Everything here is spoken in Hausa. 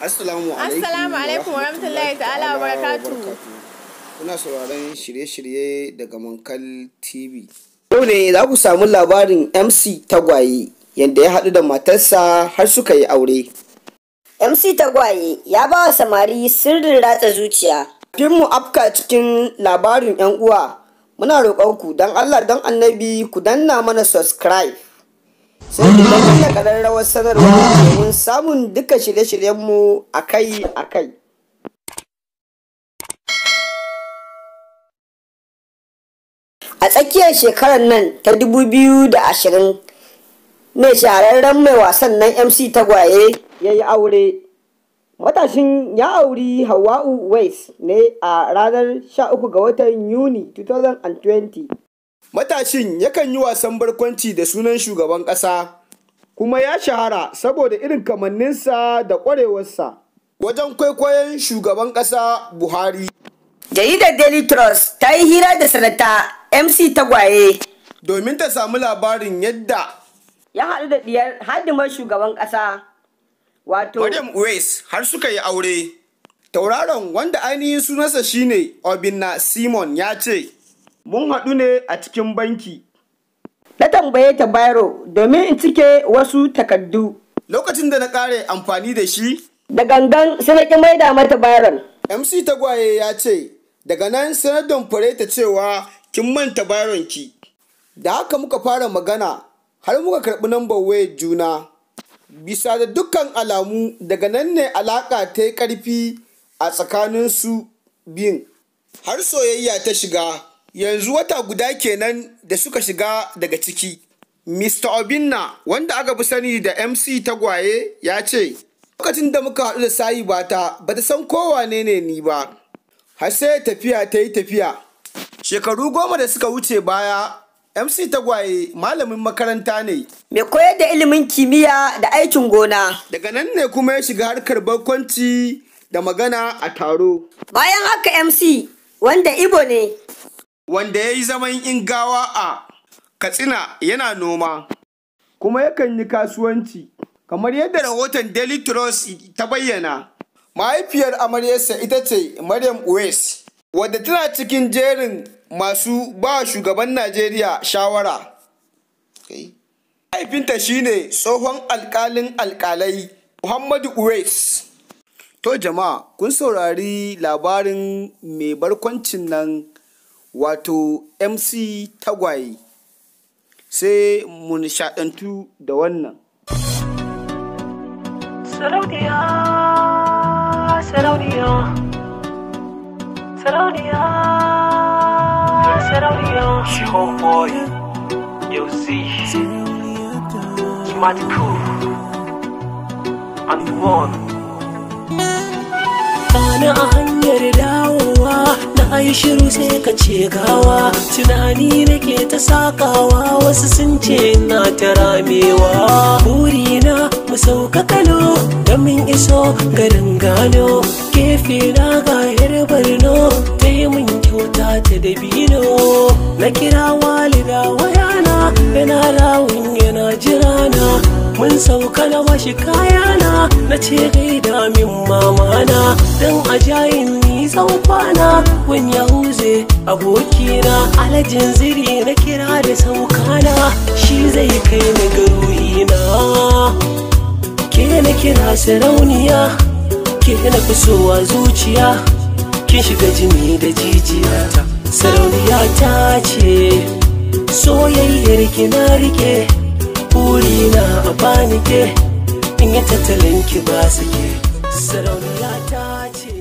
Assalamu alaikum. Assalamu alaikum wa rahmatullahi ta'ala wa barakatu. Kuna sauraron shirye-shirye daga Mankal TV. Yau ne za ku samu labarin MC Tagwaye yadda ya haɗu da matarsa har suka yi aure. MC Tagwaye ya ba wa samari sirrin ratsa zuciya. Kin mu afka cikin labarin 'yan uwa. Muna roƙon ku don Allah don annabi ku danna mana subscribe. sai ku danna ƙararrawar sanarwa domin samun duka shirye-shiryenmu akai-akai. A tsakiyar shekarar nan ta 2020 ne shahararren mai wasan nan MC Tagwaye ya yi aure. Matashin ya auri Hawa'u West ne a ranar 13 ga watan Yuni 2020. matashin yakan yi wasan barkwanci da sunan shugaban ƙasa kuma ya shahara saboda irin kamanninsa da ƙwarewarsa wajen kwaikwayon shugaban ƙasa buhari jaridar daily trust ta yi hira da sanata mc tagwaye domin ta samu labarin yadda ya haɗu da ɗiyar hadimar shugaban ƙasa wato Maryam Uwais har suka yi aure tauraron wanda ainihin sunansa shine Obinna Simon ya ce Mun haɗu ne a cikin banki. Na tambaye ta domin in cike wasu takardu. Lokacin da na ƙare amfani da shi? Da gangan sai mai da maida mata Bayron. MC Tagwaye ya ce, daga nan sai na damfare ta cewa kin manta Bayron ki. Da haka muka fara magana har muka karɓi nambar wayar juna. Bisa da dukkan alamu daga nan ne alaƙa ta yi ƙarfi a tsakanin su biyun. Har soyayya ta shiga yanzu wata guda kenan da suka shiga daga ciki mr obinna wanda aka fi sani da mc tagwaye ya ce lokacin da muka haɗu da sayi bata ba ta san kowa ne ne ni ba har sai tafiya ta yi tafiya shekaru goma da suka wuce baya mc tagwaye malamin makaranta ne mai koyar da ilimin kimiyya da aikin gona daga nan ne kuma ya shiga harkar barkwanci da magana a taro bayan haka mc wanda ibo ne wanda ya yi zaman ingawa a katsina yana noma kuma yakan yi kasuwanci kamar yadda rahoton daily trust ta bayyana mahaifiyar amaryarsa ita ce maryam uwes wadda tana cikin jerin masu ba shugaban najeriya shawara mahaifinta shine tsohon alkalin alkalai muhammadu uwes to jama'a kun saurari labarin mai barkwancin nan wato MC Tagwaye. Sai mu nishaɗantu da wannan. Sarauniya, sarauniya, sarauniya, sarauniya. shi homeboy, yo see, you might cool, and one. Bani a hanyar dawo. Aishiru shiru sai ka ce gawa tunani nake ta sakawa wasu sun ce na ta ramewa burina mu sauka kano da mun iso garin gano Kefe na ga barno ta yi mun kyauta ta dabino na kira walida wayana yana rawun yana jirana mun sauka na bashi kayana na ce gaida min mamana don ajayin ni sauka. kun ya huze abokina alajin ziri na kira da saukana shi zai kai ni garuhina ke na kira sarauniya ke na kusowa zuciya kin shiga jini da jijiyata sarauniya ta ce soyayyar ki na rike burina a bani ke in yi tattalin ki ba su ke sarauniya ta ce